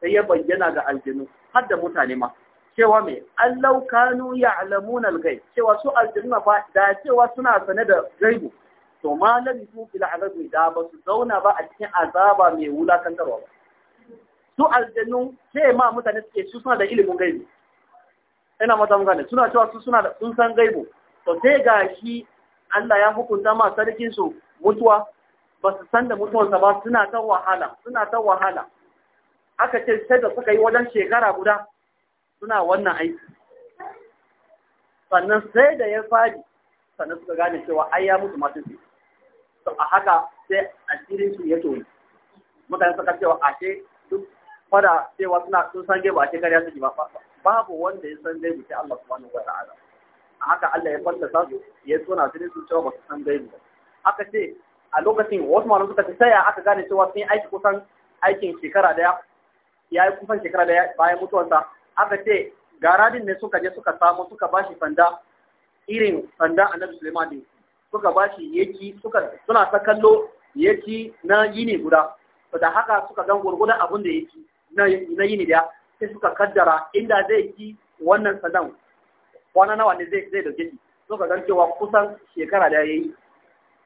Speaker 1: sai ya bayyana ga aljinu har da mutane ma cewa mai allau kanu ya'lamun al-ghaib cewa su aljinu faɗi? da cewa suna sane da gaibu to ma labisu fil azabi da ba su zauna ba a cikin azaba mai wulakantarwa ba su aljannu sai ma mutane suke su suna da ilimin gaibi ina mata mutane suna cewa su suna da sun san gaibo to sai ga shi Allah ya hukunta ma sarkin su mutuwa ba su san da mutuwarsa ba suna ta wahala suna ta wahala aka ce sai da suka yi wajen shekara guda suna wannan aiki sannan sai da ya fadi sannan suka gane cewa ai ya mutu masu su to a haka sai asirin su ya toyi mutane suka cewa ashe duk fada cewa suna sun san gaiba ce kariya suke ba babu wanda ya san gaibu sai Allah subhanahu wa ta'ala haka Allah ya fallasa su ya tsona su ne su cewa ba su san ba. aka ce a lokacin wasu malamai suka ce saya aka gane cewa sun aiki kusan aikin shekara daya ya yi kusan shekara daya bayan mutuwarsa aka ce garadin ne suka je suka samu suka bashi sanda irin sanda annabi Suleiman din suka bashi yaki suka suna ta kallo yaki na yini guda da haka suka gan gwargwadon abin da yake na yini da sai suka kaddara inda zai ki wannan sadan kwana nawa ne zai zai dauke shi suka gan cewa kusan shekara da yayi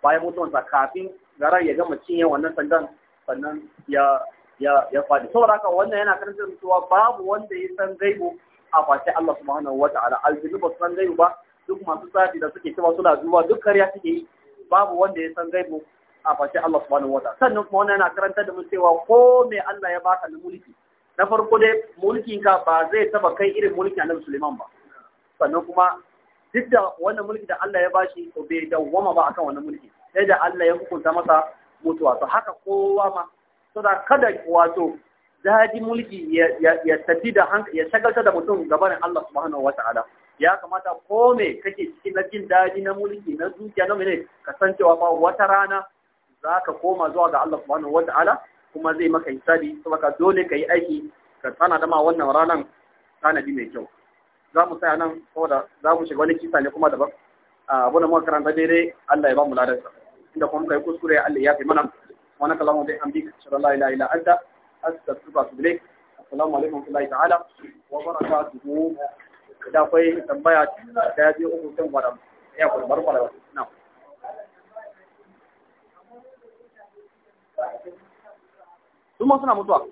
Speaker 1: bayan mutuwansa kafin garar ya gama cinye wannan sandan sannan ya ya ya fadi saboda haka wannan yana karantar cewa babu wanda ya san gaibu a face Allah subhanahu wata'ala aljinu ba san gaibu ba duk masu tsafi da suke cewa suna zuwa duk kariya suke yi babu wanda ya san gaibu a fashe Allah subhanahu wataala sannan kuma wannan yana karantar da mu cewa ko me Allah ya baka da mulki na farko dai mulkin ka ba zai taba kai irin mulki Annabi Sulaiman ba sannan kuma duk da wannan mulki da Allah ya bashi to bai dawwama ba akan wannan mulki sai da Allah ya hukunta masa mutuwa to haka kowa ma da kada wato zaji mulki ya tafi da hankali ya shagalta da mutum gabanin Allah subhanahu ala, ya kamata ko me kake cikin na jin daji na mulki na zuciya na mene kasancewa ba wata rana za ka koma zuwa ga Allah subhanahu wata'ala kuma zai maka hisabi saboda dole ka yi aiki ka tsana dama wannan ranar tanadi mai kyau za mu tsaya nan saboda za mu shiga wani kisa ne kuma daban abu da muka karanta daidai Allah ya ba mu ladarsa inda kuma muka yi kuskure Allah ya fi mana wani kalamu Dai hamdi shirin la ilaha illa anta astaghfiruka wa atubu ilayk assalamu alaikum wa rahmatullahi ta'ala wa barakatuhu da akwai tambaya da ya biyo uku kan gwada ya kurbar kwalawa na'am su suna mutuwa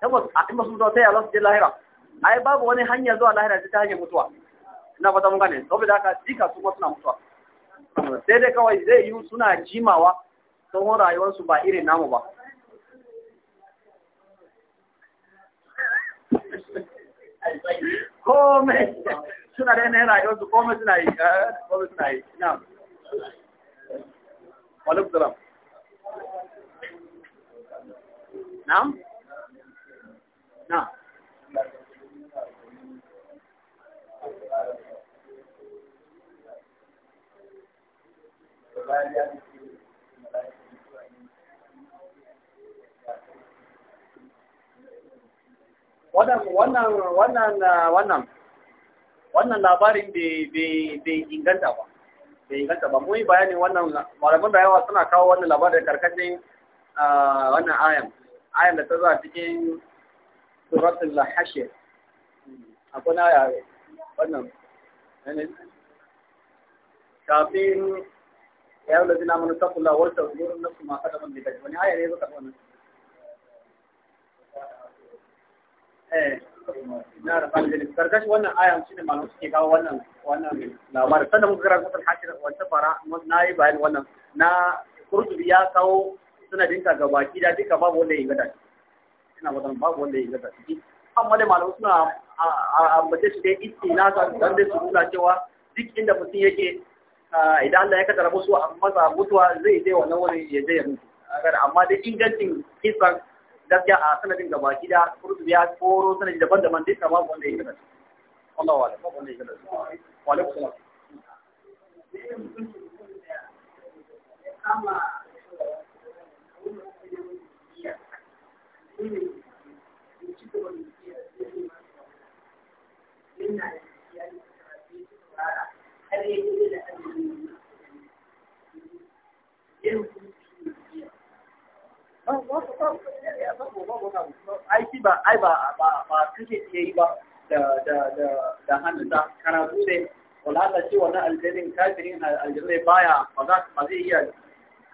Speaker 1: tabbas a kuma sun mutuwa sai Allah su je lahira ai babu wani hanya zuwa lahira ta hanyar mutuwa ina fata mun gane saboda haka dika su kuma suna mutuwa sai dai kawai zai yi suna jimawa tsohon rayuwarsu ba irin namu ba kome suna da yanayin rayuwarsu kome suna yi eh, kome suna yi na walif نعم نعم wannan wannan wannan wannan labarin bai inganta ba bai inganta ba mun yi bayanin wannan malaman da yawa suna kawo wannan labarin karkashin ah, wannan ayan ayan da ta zuwa cikin suratul hashir akwai na yare wannan kafin ya yau da zina mana takula wata wurin na kuma kada man da wani aya ne zaka wannan eh na da fadin karkashi wannan aya shi ne malamu suke kawo wannan wannan labarin sanda muka gara suratul hashir wata fara na yi bayan wannan na kurkuri ya kawo dinka ga baki da duka babu wanda ya ingata ina magana babu wanda ya ingata shi amma da malamu suna ambace su dai istina ta dan da su kula cewa duk inda mutum yake idan Allah ya kaddara musu a masa mutuwa zai je wannan wurin ya je ya mutu amma da ingancin kisan gaskiya a sanadin baki gida kurdu ya koro sanadi daban-daban duka babu wanda ya gada Allah wa alaikum gada wa alaikum
Speaker 2: salam aiki
Speaker 1: ba ai ba ba ba kake yi ba da da da da hannun da kana bude wala Allah ce wannan aljarin kafirin aljarai baya ba za ba zai iya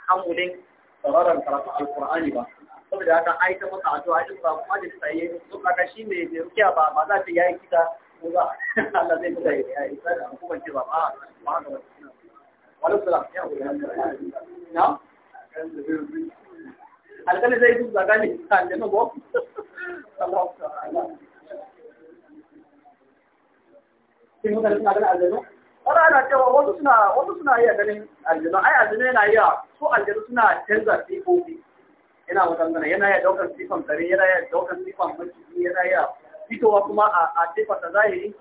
Speaker 1: hamulin sararan karatu alqur'ani ba saboda haka ai ta maka addu'a din ba kuma da tsaye to Kaka shi ne rukiya ba ba za ta yayi kita ko ba Allah zai tsaya ya yi ko ban ce ba ba ba ga wala ya na alƙalin zai duba gani kan da nago Allah ta'ala sai mutane suna ganin aljanu wani ana cewa wasu suna wasu suna iya ganin aljanu ai aljanu yana iya su aljanu suna canza sifofi yana magana yana ya daukar sifan kare yana ya daukar sifan maciji yana ya fitowa kuma a sifar da zahiri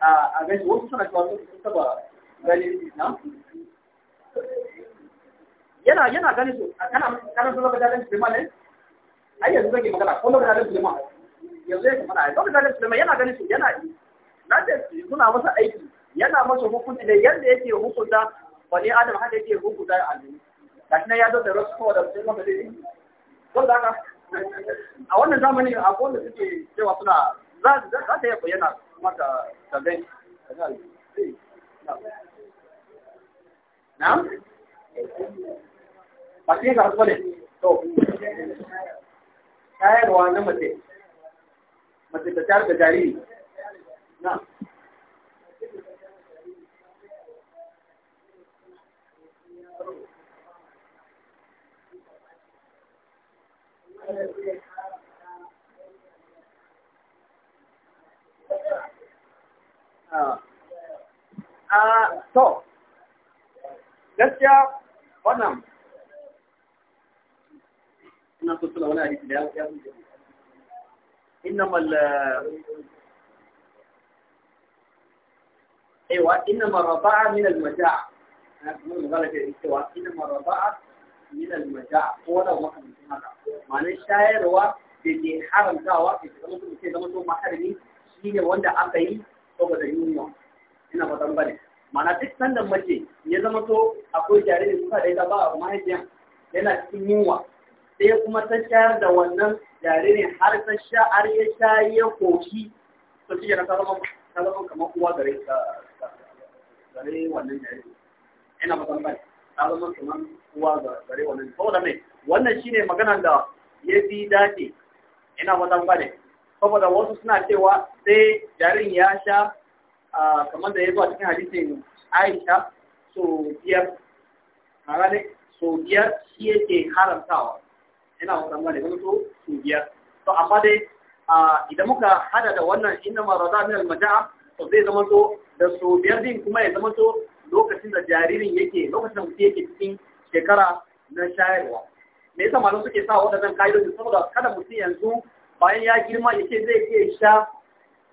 Speaker 1: a gani wasu suna cewa sun saba gani na yana yana gani su kana kana so lokacin da Suleiman ne ai yanzu zake magana ko lokacin da Suleiman yanzu yake mana lokacin da Suleiman yana gani su yana na ce suna masa aiki yana masa hukunci da yadda yake hukunta wani adam haka yake hukunta a duniya gashi nan ya zo da rasu kowa da mutum maka wanda haka a wannan zamani a wanda suke cewa suna za ta iya bayyana kuma ta ta gani na ba shi ka ne to shayarwa na mace mace ta tayar da jariri na a to gaskiya wannan ina so tuna wani hadisi da ya wuce innamal ايوه انما الرضاعه من المجاعه انا بقول لك ايوه انما الرضاعه min al-maja ko wani abu makamancin haka ma'anar shayarwa da ke haramtawa da ke zama mutum ke zama to maharami shine wanda aka yi saboda yunwa ina fatan bane ma'ana duk sanda mace ya zama to akwai jariri kuka da ita ba a mahaifiyan yana cikin yunwa sai kuma ta shayar da wannan jaririn har ta sha har ya sha ya koki. to shi yana ta zama ta zama kamar uwa gare gare wannan jaririn ina fatan bane ta zama kamar kuwa ga gare wannan saboda me wannan shine maganan da ya fi dace ina wata bane saboda wasu suna cewa sai jarin ya sha kamar da ya zuwa cikin hadisin Aisha so biyar magane so biyar shi yake haramtawa ina wata bane kuma so so biyar to amma dai idan muka hada da wannan inda ma raza min al-majaa to zai zama to da so biyar din kuma ya zama to lokacin da jaririn yake lokacin da mutum yake cikin shekara na shayarwa me yasa malam suke sa waɗannan ka'idodi saboda kada mutum yanzu bayan ya girma ya ce zai iya sha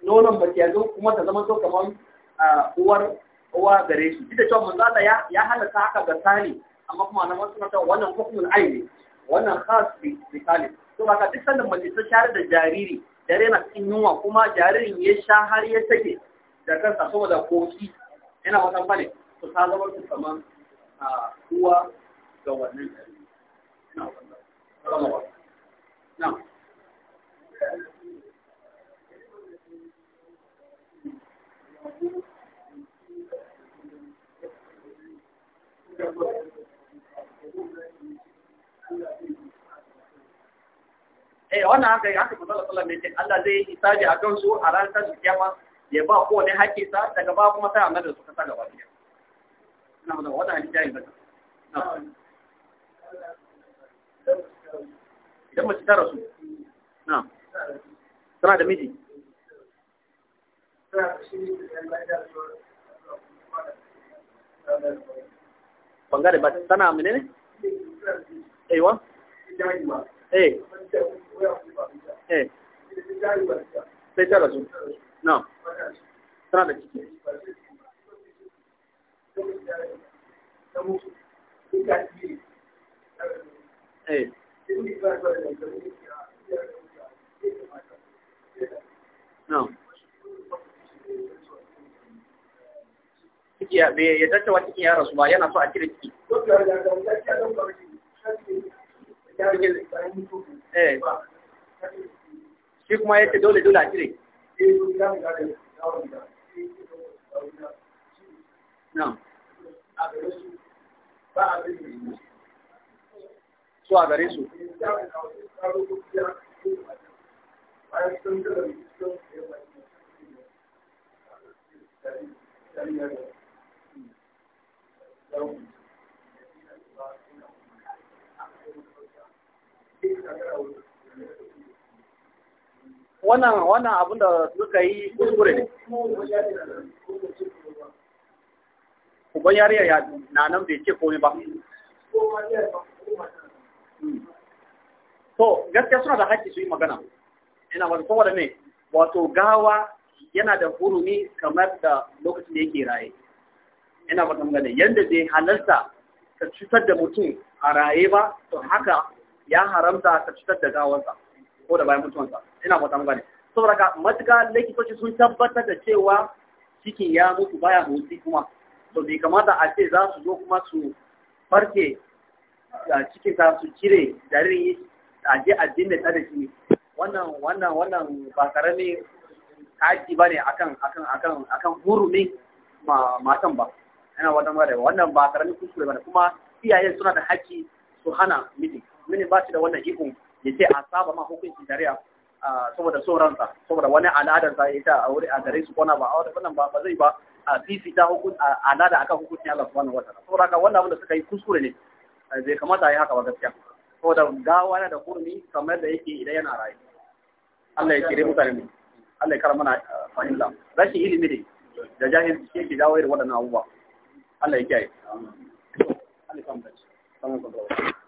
Speaker 1: nonon mace yanzu kuma ta zama so kamar uwar uwa gare shi duk da cewa mun zata ya hana halatta haka ga sani amma kuma nan wasu mata wannan hukumul aini wannan khas bi bi to haka duk sanda mace ta share da jariri dare na cikin yunwa kuma jaririn ya sha har ya take da kansa saboda koki yana wata bane to ta zama kamar uwa ga wannan na wannan ya Eh wannan haka ya haka manzo sallallahu alaihi wasallam Allah zai hisabi a kansu a ranar tashin kiyama ya ba kowane sa daga ba kuma ya a su tana mene ne? Aiwa? Eh. Eh. Sai ta rasu. Na. Tana da ciki.
Speaker 2: Eh. No.
Speaker 1: Ciki ya bai ya tattawa ya rasu ba yana so a cire ciki kuma ya ce dole dole a cire su a gare su Thank you. wannan wannan abin da suka yi kuskure ne uban yariya ya na nan bai ce komai ba to gaskiya suna da haƙƙi su yi magana ina wata kowa da ne wato gawa yana da hurumi kamar da lokacin da yake raye ina wata magana yadda bai halarta ka cutar da mutum a raye ba to haka ya haramta ka cutar da gawarsa ko da bayan mutuwansa ina fata mun gane saboda ka matuka likitoci sun tabbatar da cewa cikin ya mutu baya motsi kuma to bai kamata a ce za su zo kuma su farke cikin ta su cire jaririn a je a dinne ta da shi wannan wannan wannan ba karami kaji ba ne akan akan akan akan hurumin matan ba ina wata mara wannan ba karami kuskure ba ne kuma iyayen suna da haƙi su hana miji mini ba shi da wannan ikon ya ce a saba ma hukunci shari'a saboda tsoronsa saboda wani al'adarsa ya ta a wuri a gare su kona ba a wannan ba ba zai ba a fifi ta al'ada akan hukuncin Allah subhanahu wataala saboda ka wannan abin da suka yi kuskure ne eh, bai kamata a yi haka ba gaskiya saboda gawa da kurmi kamar da yake idan yana rayu Allah ya kire mutane mu Allah ya karama mana eh, fahimta rashin ilimi ne da jahilci ke dawo da waɗannan abubuwa Allah ya kiyaye Allah ya kamata